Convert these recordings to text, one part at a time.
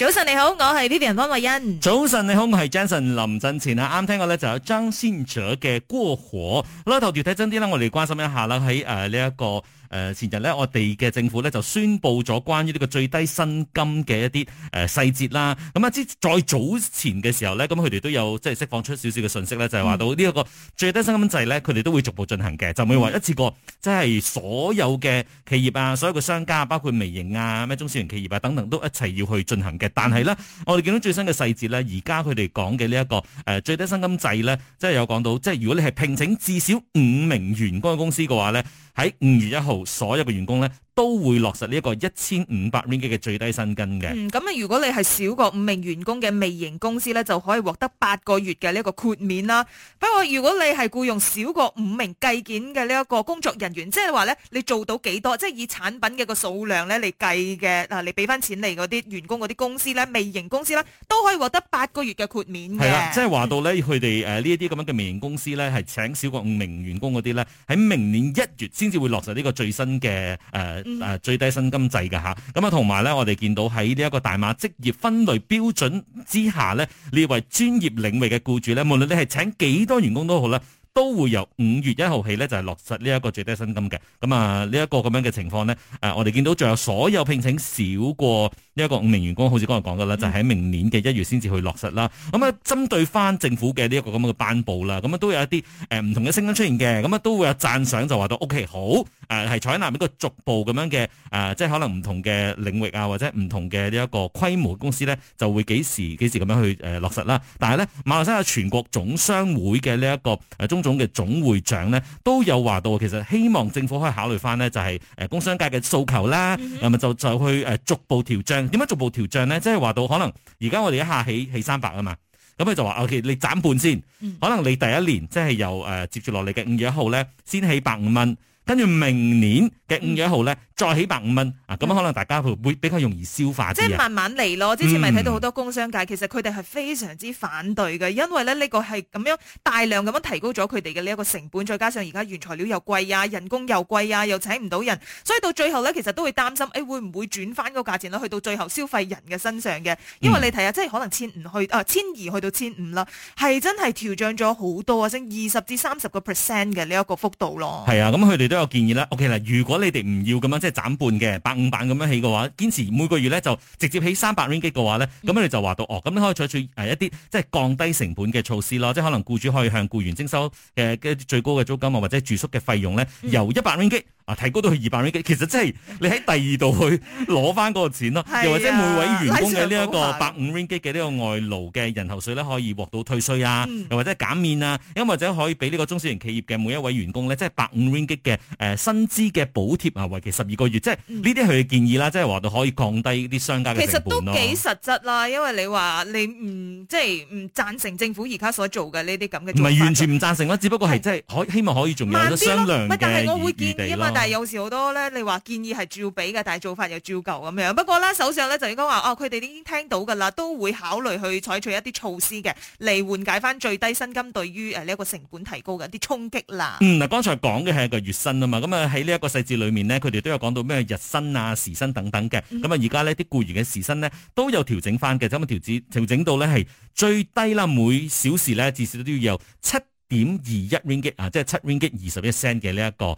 早晨你好，我係 Vivian 方慧欣。早晨你好，我係 Jason 林振前啊！啱聽過呢就有張信哲嘅過火，咁啊頭條睇真啲啦，我哋關心一下啦，喺誒呢一個。誒前日呢，我哋嘅政府呢就宣布咗關於呢個最低薪金嘅一啲誒細節啦。咁啊之再早前嘅時候呢，咁佢哋都有即係釋放出少少嘅信息呢，就係話到呢一個最低薪金制呢，佢哋都會逐步進行嘅，就唔會話一次過，即係所有嘅企業啊，所有嘅商家，包括微型啊、咩中小型企業啊等等，都一齊要去進行嘅。但係呢，我哋見到最新嘅細節呢，而家佢哋講嘅呢一個誒、呃、最低薪金制呢，即係有講到，即係如果你係聘請至少五名員工嘅公司嘅話呢，喺五月一號所有嘅員工咧。都會落實呢一個一千五百令吉嘅最低薪金嘅。嗯，咁啊，如果你係少過五名員工嘅微型公司呢，就可以獲得八個月嘅呢一個豁免啦。不過如果你係僱用少過五名計件嘅呢一個工作人員，即係話呢，你做到幾多，即係以產品嘅個數量呢嚟計嘅嗱，你俾翻錢嚟嗰啲員工、嗰啲公司呢，微型公司呢，都可以獲得八個月嘅豁免嘅。係啦，即係話到呢，佢哋誒呢啲咁樣嘅微型公司呢，係請少過五名員工嗰啲呢，喺明年一月先至會落實呢個最新嘅誒。呃嗯誒最低薪金制㗎吓，咁啊同埋咧，我哋見到喺呢一個大馬職業分類標準之下咧，列為專業領域嘅僱主咧，無論你係請幾多員工都好啦。都會由五月一號起呢就係、是、落實呢一個最低薪金嘅，咁啊呢一個咁樣嘅情況呢，誒、呃、我哋見到仲有所有聘請少過呢一個五名員工，好似剛才講嘅啦，就喺、是、明年嘅一月先至去落實啦。咁、嗯、啊針對翻政府嘅呢一個咁樣嘅頒布啦，咁、嗯、啊都有一啲誒唔同嘅聲音出現嘅，咁啊都會有讚賞就話到，OK 好，誒係採納呢個逐步咁樣嘅誒、呃，即係可能唔同嘅領域啊或者唔同嘅呢一個規模公司呢，就會幾時幾時咁樣去誒落實啦。但係呢，馬來西亞全國總商會嘅呢一個誒中。總嘅總會長咧都有話到，其實希望政府可以考慮翻咧，就係、是、誒、呃、工商界嘅訴求啦，咁啊、mm hmm. 就就去誒逐步調漲。點解逐步調漲咧？即係話到，可能而家我哋一下起起三百啊嘛，咁、嗯、佢、嗯、就話：，OK，你斬半先，可能你第一年即係由誒接住落嚟嘅五月一號咧，先起百五蚊，跟住明年。五月一號咧，再起百五蚊啊，咁可能大家會會比較容易消化啲啊，即係慢慢嚟咯。之前咪睇到好多工商界，嗯、其實佢哋係非常之反對嘅，因為咧呢個係咁樣大量咁樣提高咗佢哋嘅呢一個成本，再加上而家原材料又貴啊，人工又貴啊，又請唔到人，所以到最後咧，其實都會擔心，誒、哎、會唔會轉翻嗰個價錢咧，去到最後消費人嘅身上嘅。因為你睇下，即係可能千五去啊，千二去到千五啦，係真係調漲咗好多啊，升二十至三十個 percent 嘅呢一個幅度咯。係啊，咁佢哋都有建議啦。OK 啦，如果你哋唔要咁樣，即係斬半嘅百五版咁樣起嘅話，堅持每個月咧就直接起三百 ringgit 嘅話咧，咁你就話到哦，咁你可以採取誒一啲即係降低成本嘅措施咯，即係可能雇主可以向雇員徵收誒嘅最高嘅租金啊，或者住宿嘅費用咧由一百 ringgit。提高到去二百蚊，i 其實真係你喺第二度去攞翻嗰個錢咯， 又或者每位員工嘅呢一個百五 ringgit 嘅呢個外勞嘅人頭稅咧，可以獲到退稅啊，嗯、又或者減免啊，因或者可以俾呢個中小型企業嘅每一位員工咧，即係百五 ringgit 嘅誒薪資嘅補貼啊，為期十二個月，即係呢啲佢嘅建議啦，即係話到可以降低啲商家嘅其實都幾實質啦，因為你話你唔即係唔贊成政府而家所做嘅呢啲咁嘅，唔係完全唔贊成啦，只不過係即係可希望可以仲是有得商量嘅餘地啦。但係有時好多咧，你話建議係照俾嘅，但係做法又照舊咁樣。不過咧，首相咧就應該話，哦，佢哋已經聽到噶啦，都會考慮去採取一啲措施嘅，嚟緩解翻最低薪金對於誒呢一個成本提高嘅一啲衝擊啦。嗯，嗱，剛才講嘅係一個月薪啊嘛，咁啊喺呢一個細節裏面咧，佢哋都有講到咩日薪啊、時薪等等嘅。咁啊，而家咧啲僱員嘅時薪咧都有調整翻嘅，咁啊調整調整到咧係最低啦，每小時咧至少都要有七。點二一 ringgit 啊，即係七 ringgit 二十一 cent 嘅呢一個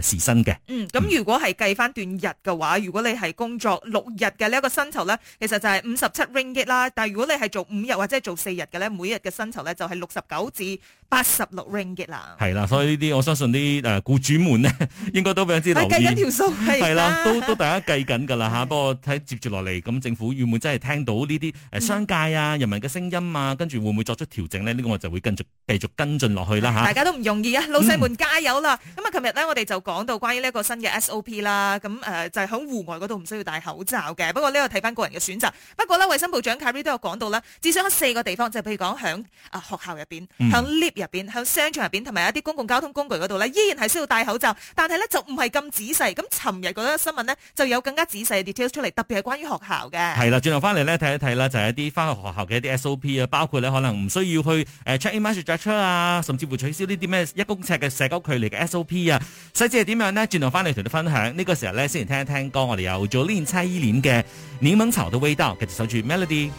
誒時薪嘅。嗯，咁如果係計翻段日嘅話，如果你係工作六日嘅呢一個薪酬咧，其實就係五十七 ringgit 啦。但係如果你係做五日或者係做四日嘅咧，每日嘅薪酬咧就係六十九至八十六 ringgit 啦。係啦，所以呢啲我相信啲誒雇主們咧，應該都比較之留意。計緊條數係啦，都都大家計緊噶啦吓。不過睇接住落嚟，咁政府會唔會真係聽到呢啲誒商界啊、人民嘅聲音啊，跟住會唔會作出調整咧？呢個我就會繼續繼續跟進。落去啦嚇！大家都唔容易啊，老細們加油啦！咁、嗯、啊，琴日咧我哋就講到關於呢一個新嘅 SOP 啦。咁、呃、誒就係響戶外嗰度唔需要戴口罩嘅，不過呢個睇翻個人嘅選擇。不過咧，衞生部長 Carrie 都有講到啦，至少喺四個地方，就係譬如講響啊學校入邊、響 lift 入邊、響商場入邊同埋一啲公共交通工具嗰度咧，依然係需要戴口罩。但係咧就唔係咁仔細。咁尋日嗰個新聞咧就有更加仔細嘅 details 出嚟，特別係關於學校嘅。係啦，轉頭翻嚟咧睇一睇啦，就係、是、一啲翻去學校嘅一啲 SOP 啊，包括咧可能唔需要去誒 check in MySejahtera 啊。甚至乎取消呢啲咩一公尺嘅社交距離嘅 SOP 啊，細節係點樣呢？轉頭翻嚟同你分享。呢、這個時候咧，先嚟聽一聽歌，我哋有做呢蔡依林嘅《檸檬草的味道》，繼續守住 melody。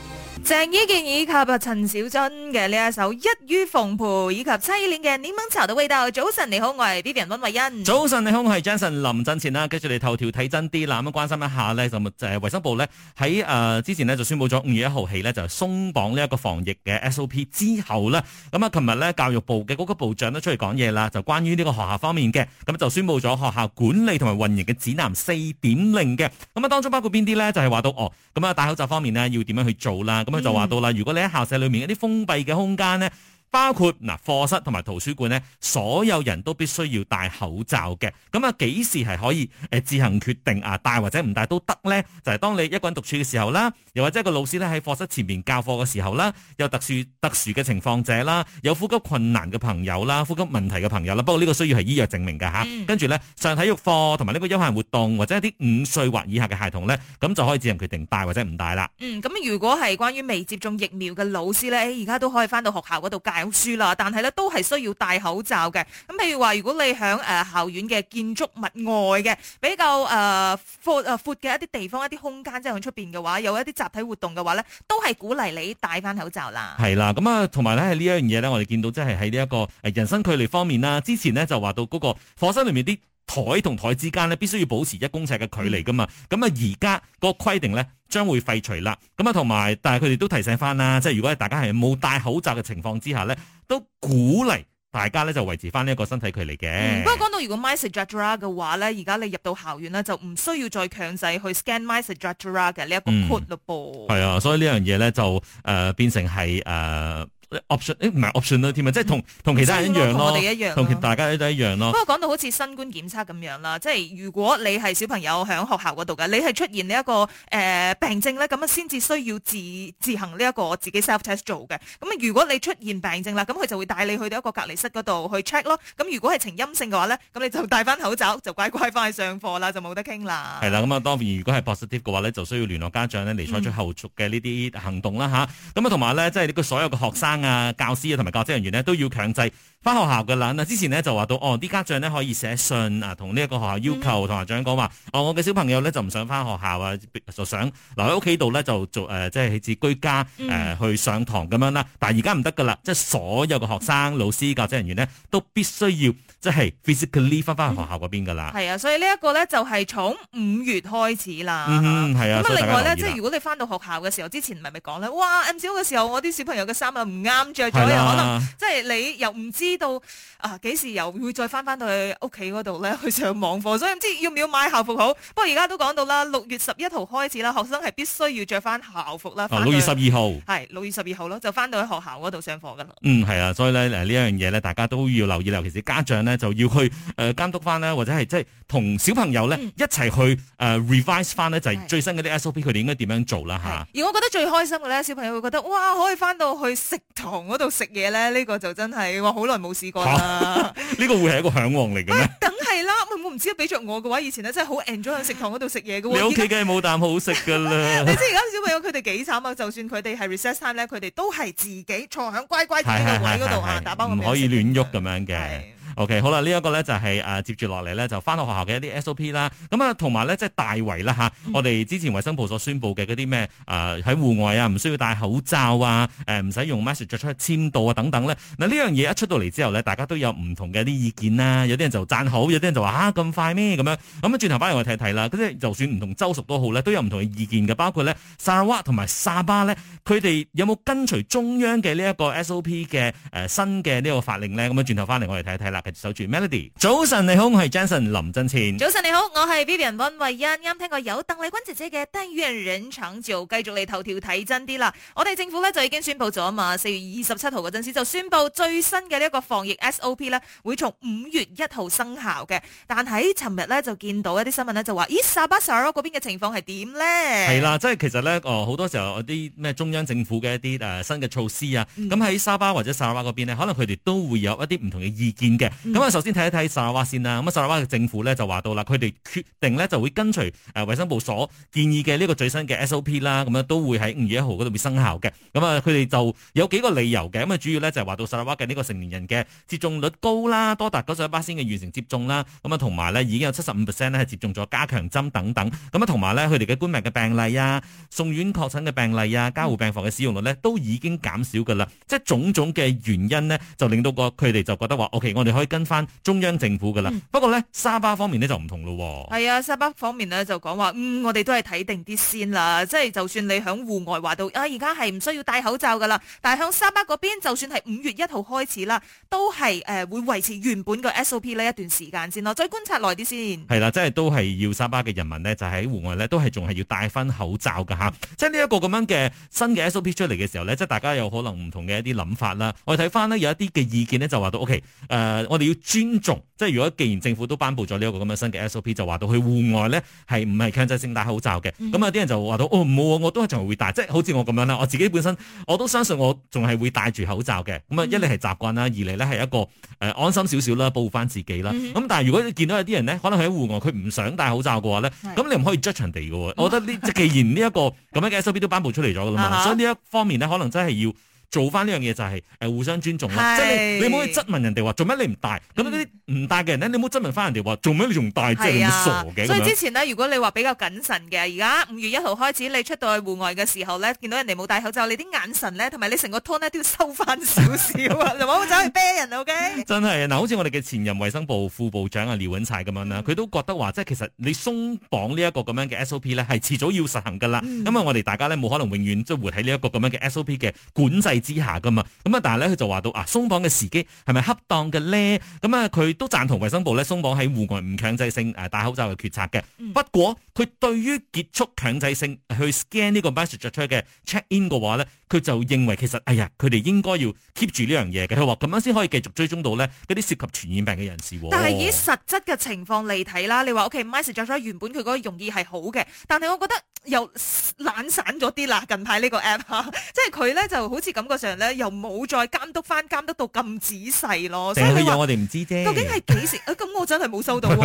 鄭伊健以及啊陳小春嘅呢一首《一於奉陪》，以及妻戀嘅《檸檬茶的味道》。早晨你好，我係 Vivian 温慧恩。早晨你好，我係 Jason 林振前啦。跟住你頭條睇真啲啦，咁樣關心一下呢，就就誒衛生部呢。喺誒、呃、之前呢，就宣布咗五月一號起呢，就鬆綁呢一個防疫嘅 S O P 之後呢。咁、嗯、啊，琴日呢，教育部嘅嗰個部長都出嚟講嘢啦，就關於呢個學校方面嘅，咁、嗯、就宣布咗學校管理同埋運營嘅指南四點零嘅，咁、嗯、啊當中包括邊啲呢？就係、是、話到哦，咁、嗯、啊戴口罩方面呢，要點樣去做啦？咁就話到啦，如果你喺校舍裏面一啲封閉嘅空間咧， 包括嗱課室同埋圖書館咧，所有人都必須要戴口罩嘅。咁啊幾時係可以誒自行決定啊戴或者唔戴都得呢？就係、是、當你一個人讀書嘅時候啦，又或者個老師咧喺課室前面教課嘅時候啦，有特殊特殊嘅情況者啦，有呼吸困難嘅朋友啦，呼吸問題嘅朋友啦，不過呢個需要係醫藥證明㗎吓。嗯、跟住呢，上體育課同埋呢個休閒活動或者一啲五歲或以下嘅孩童呢，咁就可以自行決定戴或者唔戴啦。嗯，咁如果係關於未接種疫苗嘅老師呢，誒而家都可以翻到學校嗰度睇書啦，但係咧都係需要戴口罩嘅。咁譬如話，如果你喺誒、呃、校園嘅建築物外嘅比較誒、呃、闊誒闊嘅一啲地方、一啲空間，即係喺出邊嘅話，有一啲集體活動嘅話咧，都係鼓勵你戴翻口罩啦。係啦，咁啊，同埋咧係呢一樣嘢咧，我哋見到即係喺呢一個誒人生距離方面啦。之前咧就話到嗰個課室裏面啲台同台之間咧，必須要保持一公尺嘅距離噶嘛。咁啊、嗯，而家個規定咧。將會廢除啦，咁啊同埋，但係佢哋都提醒翻啦，即係如果係大家係冇戴口罩嘅情況之下咧，都鼓勵大家咧就維持翻呢一個身體距離嘅、嗯。不過講到如果 messenger 嘅話咧，而家你入到校園咧就唔需要再強制去 scan messenger 嘅呢一個 code 咯噃。係不啊，所以呢樣嘢咧就誒、呃、變成係誒。呃 option 唔、欸、係 option 咯添啊，即係同同其他人一樣咯，我哋一樣，同其大家都一樣咯。的不過講到好似新冠檢測咁樣啦，即係如果你係小朋友響學校嗰度嘅，你係出現呢、這、一個誒、呃、病症咧，咁啊先至需要自自行呢一個自己 self test 做嘅。咁啊如果你出現病症啦，咁佢就會帶你去到一個隔離室嗰度去 check 咯。咁如果係呈陰性嘅話咧，咁你就戴翻口罩就乖乖翻去上課啦，就冇得傾啦。係啦，咁啊當然如果係 positive 嘅話咧，就需要聯絡家長咧嚟採取後續嘅呢啲行動啦吓。咁啊同埋咧，即係呢個所有嘅學生。啊，教師啊，同埋教職人員咧，都要強制。翻學校噶啦，之前咧就話到哦，啲家長咧可以寫信啊，同呢一個學校要求同校、嗯、長講話，哦，我嘅小朋友咧就唔想翻學校啊，就想留喺屋企度咧就做誒、呃，即係置居家誒、呃、去上堂咁樣啦。但係而家唔得噶啦，即係所有嘅學生、嗯、老師、教職人員咧都必須要即係 physically 翻翻學校嗰邊噶啦。係、嗯、啊，所以呢一個咧就係從五月開始啦。係、嗯嗯、啊。咁另外咧，即係如果你翻到學校嘅時候，之前咪咪講咧，哇 MCO 嘅時候我啲小朋友嘅衫啊唔啱着咗，又可能即係你又唔知、啊。知道啊？幾時又會再翻翻到去屋企嗰度咧？去上網課，所以唔知要唔要買校服好？不過而家都講到啦，六月十一號開始啦，學生係必須要着翻校服啦。六、啊、月十二號係六月十二號咯，就翻到去學校嗰度上課噶啦。嗯，係啊，所以咧誒呢樣嘢咧，大家都要留意啦。尤其實家長咧就要去誒監、呃、督翻咧，或者係即係同小朋友咧一齊去誒、呃、revise 翻咧，就係、是、最新嗰啲 SOP 佢哋應該點樣做啦吓、啊。而我覺得最開心嘅咧，小朋友會覺得哇，可以翻到去食堂嗰度食嘢咧，呢、這個就真係哇好耐。冇試過啦、啊，呢個會係一個嚮往嚟嘅咩？梗係啦，我唔知俾著我嘅話，以前咧真係好 enjoy 喺食堂嗰度食嘢嘅喎。你屋企梗係冇啖好食㗎啦。你知而家小朋友佢哋幾慘啊？就算佢哋係 recess time 咧，佢哋都係自己坐喺乖乖自己嘅位嗰度啊，打包咁 唔可以亂喐咁樣嘅。 OK，好啦，呢、這、一個咧就係、是、誒、呃、接住落嚟咧，就翻到學校嘅一啲 SOP 啦。咁啊，同埋咧即係大圍啦吓、啊，我哋之前衞生部所宣佈嘅嗰啲咩誒喺戶外啊，唔需要戴口罩啊，誒唔使用 Message 出去簽到啊等等咧。嗱呢樣嘢一出到嚟之後咧，大家都有唔同嘅啲意見啦。有啲人就讚好，有啲人就話啊，咁快咩咁樣。咁啊，轉頭翻嚟我哋睇睇啦。嗰啲就算唔同州屬都好咧，都有唔同嘅意見嘅。包括咧 Sarawak 同埋沙巴咧，佢哋有冇跟隨中央嘅呢一個 SOP 嘅誒新嘅呢個法令咧？咁啊，轉頭翻嚟我哋睇睇啦。守住 melody。早晨你好，我係 Jansen 林振前。早晨你好，我係 Vivian 溫慧欣。啱聽過有鄧麗君姐姐嘅《但願人長久》，繼續你頭條睇真啲啦。我哋政府咧就已經宣佈咗啊嘛，四月二十七號嗰陣時就宣佈最新嘅呢一個防疫 SOP 呢，會從五月一號生效嘅。但喺尋日呢，就見到一啲新聞呢，就話，咦，沙巴、沙拉嗰邊嘅情況係點呢？」係啦，即係其實呢，好、呃、多時候啲咩中央政府嘅一啲誒新嘅措施啊，咁喺、嗯、沙巴或者沙拉嗰邊呢，可能佢哋都會有一啲唔同嘅意見嘅。咁啊，首先睇一睇砂拉越先啦。咁啊，砂拉越嘅政府咧就話到啦，佢哋決定咧就會跟隨誒衛生部所建議嘅呢個最新嘅 SOP 啦。咁啊，都會喺五月一號嗰度會生效嘅。咁啊，佢哋就有幾個理由嘅。咁啊，主要咧就係話到砂拉越嘅呢個成年人嘅接種率高啦，多達九十一 percent 嘅完成接種啦。咁啊，同埋咧已經有七十五 percent 咧係接種咗加強針等等。咁啊，同埋咧佢哋嘅冠病嘅病例啊，送院確診嘅病例啊，加護病房嘅使用率咧都已經減少噶啦。即係種種嘅原因咧，就令到個佢哋就覺得話，OK，我哋。可以跟翻中央政府噶啦，嗯、不過咧沙巴方面呢就唔同咯，哦。係啊，沙巴方面呢就講話，嗯，我哋都係睇定啲先啦。即係就算你響戶外話到啊，而家係唔需要戴口罩噶啦。但係響沙巴嗰邊，就算係五月一號開始啦，都係誒、呃、會維持原本嘅 SOP 呢一段時間先咯。再觀察耐啲先。係啦，啊，即係都係要沙巴嘅人民呢，就喺戶外呢都係仲係要戴翻口罩噶吓，啊。即係呢一個咁樣嘅新嘅 SOP 出嚟嘅時候呢，即係大家有可能唔同嘅一啲諗法啦。我哋睇翻呢，有一啲嘅意見呢，就話到，O K 誒。我哋要尊重，即係如果既然政府都頒布咗呢一個咁嘅新嘅 SOP，就話到去戶外咧係唔係強制性戴口罩嘅，咁、嗯、有啲人就話到哦唔好啊，我都係仲係會戴，即係好似我咁樣啦，我自己本身我都相信我仲係會戴住口罩嘅。咁啊一嚟係習慣啦，二嚟咧係一個誒、呃、安心少少啦，保護翻自己啦。咁、嗯、但係如果你見到有啲人咧，可能喺戶外佢唔想戴口罩嘅話咧，咁是你唔可以 judge 人哋㗎喎。我覺得呢即既然呢、這、一個咁樣嘅 SOP 都頒布出嚟咗㗎啦嘛， 所以呢一方面咧可能真係要。做翻呢樣嘢就係誒互相尊重啦，是即係你你唔好去質問人哋話做咩你唔戴，咁啲唔戴嘅人咧，你唔好質問翻人哋話做咩你仲戴，即係咁傻嘅。所以之前咧，如果你話比較謹慎嘅，而家五月一號開始你出到去戶外嘅時候咧，見到人哋冇戴口罩，你啲眼神咧，同埋你成個 tone 咧，都要收翻少少啊，唔好走去啤人 OK。 真係啊，嗱，好似我哋嘅前任衛生部副部長啊廖允財咁樣啦，佢、啊嗯、都覺得話即係其實你鬆綁呢一個咁樣嘅 SOP 咧，係遲早要實行噶啦，嗯、因為我哋大家咧冇可能永遠即係活喺呢一個咁樣嘅 SOP 嘅管制。之下噶嘛，咁啊，但係咧，佢就話到啊，鬆綁嘅時機係咪恰當嘅咧？咁啊，佢都贊同衛生部咧鬆綁喺戶外唔強制性誒戴口罩嘅決策嘅。嗯、不過，佢對於結束強制性去 scan 呢個 message 出嘅 check in 嘅話咧。佢就認為其實，哎呀，佢哋應該要 keep 住呢樣嘢嘅。佢話咁樣先可以繼續追蹤到咧啲涉及傳染病嘅人士。但係以實質嘅情況嚟睇啦，你話 OK，Myself、okay, 原本佢嗰個用意係好嘅，但係我覺得又懶散咗啲啦。近排呢個 app、啊、即係佢咧就好似感覺上咧又冇再監督翻監督得到咁仔細咯。所以有有說我哋唔知啫。究竟係幾時？咁、 哎、我真係冇收到、啊、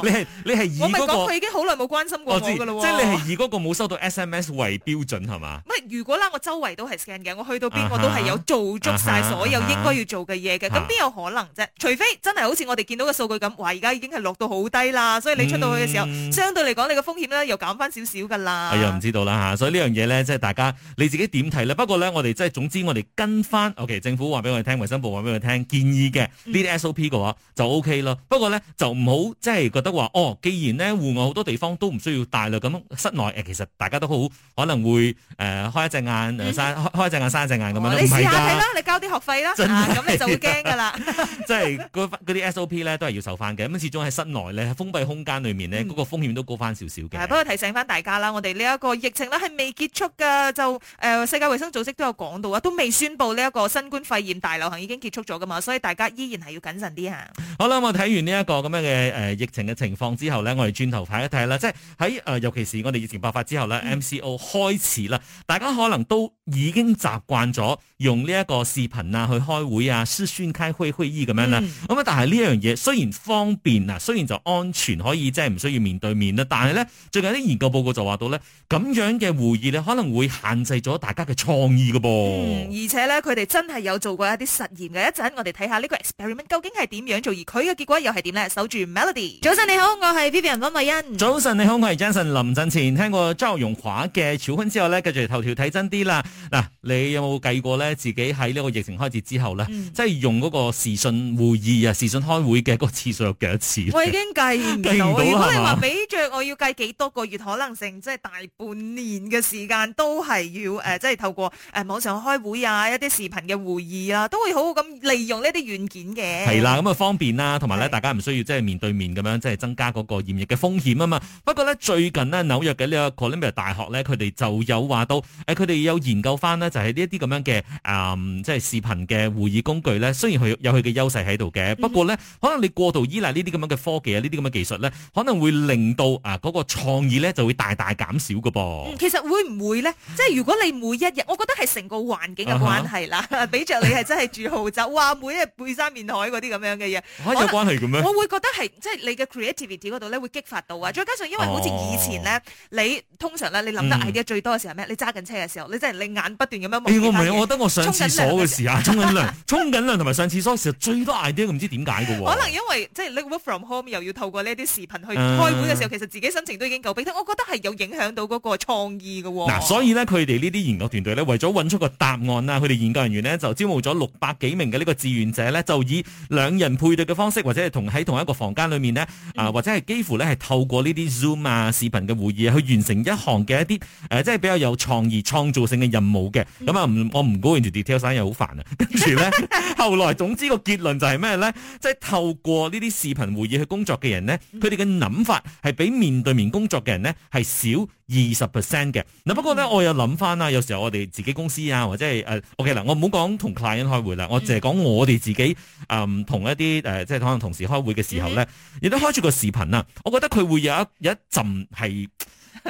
你係你係、那個、我咪講佢已經好耐冇關心過我㗎，即係你係以嗰個冇收到 SMS 為標準係嘛？如果啦，我周圍都係 scan 嘅，我去到邊我都係有做足晒所有應該要做嘅嘢嘅，咁邊、啊、哈有可能啫？除非真係好似我哋見到嘅數據咁，哇！而家已經係落到好低啦，所以你出到去嘅時候，嗯、相對嚟講你個風險咧又減翻少少噶啦。哎呀、啊，唔知道啦吓、啊，所以呢樣嘢咧，即、就、係、是、大家你自己點睇咧？不過咧，我哋即係總之，我哋跟翻，OK，政府話俾我哋聽，衛生部話俾我哋聽建議嘅呢啲 SOP 嘅話就 OK 咯。嗯、不過咧就唔好即係覺得話哦，既然呢戶外好多地方都唔需要戴啦，咁室內誒其實大家都好可能會誒、呃、開一隻眼。開一隻眼，開一隻眼咁樣咯。你試下睇啦，你交啲學費啦，咁你就會驚噶啦。即係嗰嗰啲 SOP 咧，都係要受返嘅。咁始終喺室內咧，封閉空間裏面咧，嗰個風險都高翻少少嘅。不過提醒翻大家啦，我哋呢一個疫情咧係未結束噶，就誒世界衛生組織都有講到啊，都未宣布呢一個新冠肺炎大流行已經結束咗噶嘛，所以大家依然係要謹慎啲吓。好啦，我睇完呢一個咁樣嘅誒疫情嘅情況之後咧，我哋轉頭睇一睇啦，即係喺誒尤其是我哋疫情爆發之後咧，MCO 開始啦，大家可能都。已經習慣咗用呢一個視頻啊去開會啊，舒酸溪開會會議咁樣啦。咁啊，但係呢樣嘢雖然方便啊，雖然就安全可以即係唔需要面對面啦，但係咧最近啲研究報告就話到咧，咁樣嘅會議咧可能會限制咗大家嘅創意㗎噃。而且咧，佢哋真係有做過一啲實驗嘅一陣，我哋睇下呢個 experiment 究竟係點樣做，而佢嘅結果又係點咧？守住 Melody。早晨你好，我係 Vivian 安慧欣。早晨你好，我係 Jason 林振前。聽過周容華嘅潮歡之後咧，繼續頭條睇真啲啦。嗱，你有冇計過咧？自己喺呢個疫情開始之後咧，嗯、即係用嗰個視訊會議啊、視訊開會嘅嗰個次數有幾多次？我已經計唔到。到如果你話比着我要計幾多個月可能性，即、就、係、是、大半年嘅時間都係要誒、呃，即係透過誒、呃、網上開會啊，一啲視頻嘅會議啦，都會好好咁利用呢啲軟件嘅。係啦，咁啊方便啦，同埋咧，的大家唔需要即係面對面咁樣，即係增加嗰個染疫嘅風險啊嘛。不過咧，最近呢，紐約嘅呢個哥倫比亞大學咧，佢哋就有話到，誒，佢哋有。研究翻呢，就係呢一啲咁樣嘅誒、嗯，即係視頻嘅會議工具呢。雖然佢有佢嘅優勢喺度嘅，不過呢，可能你過度依賴呢啲咁樣嘅科技啊，呢啲咁嘅技術呢，可能會令到啊嗰個創意呢就會大大減少㗎噃、嗯。其實會唔會呢？即係如果你每一日，我覺得係成個環境嘅關係啦。俾着、uh huh. 你係真係住豪宅， 哇！每日背山面海嗰啲咁樣嘅嘢，嚇、uh, 可有關係嘅咩？我會覺得係即係你嘅 creativity 嗰度呢會激發到啊！再加上因為好似以前呢，oh. 你通常呢，你諗得 idea 最多嘅時候係咩？你揸緊車嘅時候，你真係～你眼不斷咁樣望、欸，我唔係，我覺得我上廁所嘅時候，沖緊涼，沖緊涼，同埋上廁所嘅時候最多 idea，唔知點解㗎喎。可能因為即係 work from home 又要透過呢啲視頻去開會嘅時候，呃、其實自己心情都已經夠悲痛，我覺得係有影響到嗰個創意㗎。嗱、啊，所以呢，佢哋呢啲研究團隊咧，為咗揾出個答案啊，佢哋研究人員呢，就招募咗六百幾名嘅呢個志願者呢，就以兩人配對嘅方式，或者係同喺同一個房間裏面呢，嗯、啊，或者係幾乎呢，係透過呢啲 Zoom 啊視頻嘅會議、啊、去完成一項嘅一啲誒，即、呃、係比較有創意創造性。任務嘅咁啊，我唔顧住 detail 晒又好煩啊。跟住咧，後，呢 後來總之個結論就係咩咧？即係透過呢啲視頻會議去工作嘅人咧，佢哋嘅諗法係比面對面工作嘅人咧係少二十 percent 嘅。嗱，不過咧，嗯、我有諗翻啦，有時候我哋自己公司啊，或者係誒、呃、，OK 啦，我唔好講同 client 開會啦，我淨係講我哋自己誒、呃，同一啲誒、呃，即係可能同事開會嘅時候咧，亦都、嗯嗯、開住個視頻啦，我覺得佢會有一有一陣係。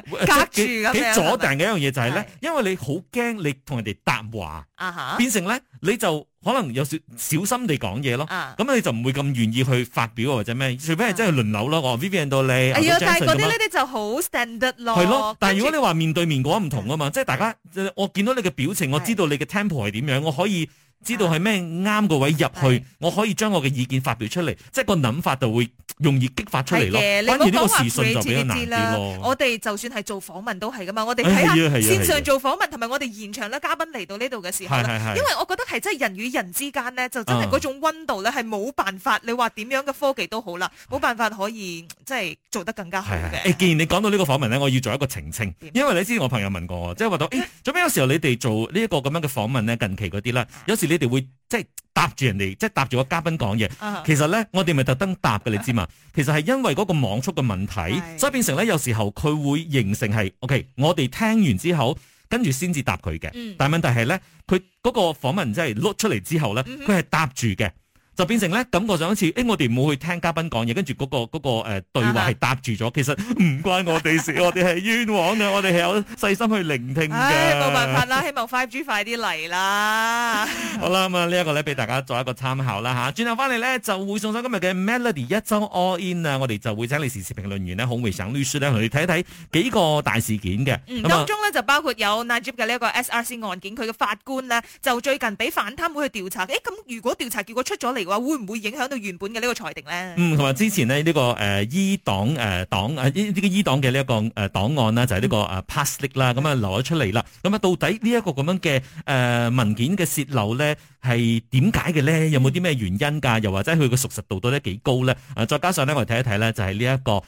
隔住咁樣，阻定嘅一樣嘢就係咧， 因為你好驚你同人哋答話，的變成咧你就可能有少小心地講嘢咯。咁、啊、你就唔會咁願意去發表或者咩，除非係真係輪流咯。啊、我 Vivian 到你，哎呀、啊，但係嗰啲呢啲就好 standard 咯。係咯，但係如果你話面對面嘅話唔同啊嘛，即係、嗯、大家我見到你嘅表情，我知道你嘅 tempo 係點樣，我可以。知道係咩啱個位入去，是我可以將我嘅意見發表出嚟，即係個諗法就會容易激發出嚟咯。反而呢個時訊就比較難啲咯。我哋就算係做訪問都係噶嘛，我哋睇下線上做訪問同埋我哋現場咧，嘉賓嚟到呢度嘅時候咧，因為我覺得係真係人與人之間咧，就真係嗰種溫度咧，係冇辦法。你話點樣嘅科技都好啦，冇辦法可以即係。做得更加好嘅。誒，既然你講到呢個訪問咧，我要做一個澄清，因為你之前我朋友問過我，即係話到，誒、哎，做咩有時候你哋做呢一個咁樣嘅訪問咧？近期嗰啲啦，有時你哋會即係答住人哋，即係答住個嘉賓講嘢。其實咧，我哋咪特登答嘅，你知嘛？其實係因為嗰個網速嘅問題，所以變成咧有時候佢會形成係，OK，我哋聽完之後跟住先至答佢嘅。但問題係咧，佢嗰個訪問即係碌出嚟之後咧，佢係答住嘅。就變成咧感覺上好似，誒，我哋冇去聽嘉賓講嘢，跟住嗰個嗰個誒，對話係搭住咗，其實唔關我哋事，我哋係冤枉嘅，我哋係有細心去聆聽嘅。冇辦法啦，希望 5G 快啲嚟啦。好啦，咁啊呢一個咧俾大家作一個參考啦嚇。轉頭翻嚟咧就會送上今日嘅 Melody 一週 All In 啊，我哋就會請時事評論員咧、孔維祥律師咧同你睇一睇幾個大事件嘅，當中咧就包括有 Najib 嘅呢一個 SRC 案件，佢嘅法官咧就最近俾反貪會去調查，誒，咁如果調查結果出咗嚟。話會唔會影響到原本嘅呢個裁定咧？嗯，同埋之前咧呢、這個誒伊、呃、黨誒檔啊呢呢個伊黨嘅呢一個誒檔案啦，就係、是、呢、這個誒 PAS 啦，咁啊攞咗出嚟啦。咁啊，到底呢一個咁樣嘅誒、呃、文件嘅洩漏咧？係點解嘅咧？有冇啲咩原因㗎？又或者佢嘅屬實度到底幾高咧？啊，再加上咧，我哋睇一睇咧，就係呢一個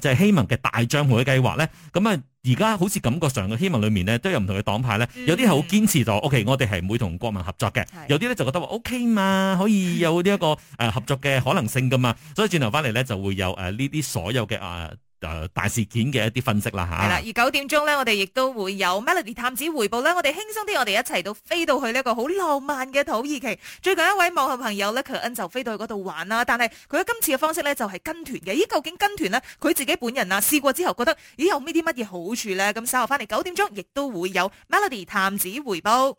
誒，即係希盟嘅大將會嘅計劃咧。咁啊，而家好似感覺上嘅希盟裏面咧，都有唔同嘅黨派咧。嗯、有啲係好堅持就 OK，我哋係唔會同國民合作嘅。是有啲咧就覺得話 OK 嘛，可以有呢、這、一個誒、呃、合作嘅可能性㗎嘛。所以轉頭翻嚟咧，就會有誒呢啲所有嘅啊。呃呃、大事件嘅一啲分析啦吓，係、啊、啦。而九點鐘咧，我哋亦都會有 Melody 探子回報咧。我哋輕鬆啲，我哋一齊到飛到去呢一個好浪漫嘅土耳其。最近一位網紅朋友咧，佢就飛到去嗰度玩啦、啊。但係佢今次嘅方式咧就係、是、跟團嘅。咦，究竟跟團呢？佢自己本人啊試過之後覺得咦有呢啲乜嘢好處咧？咁、嗯、稍後翻嚟九點鐘亦都會有 Melody 探子回報。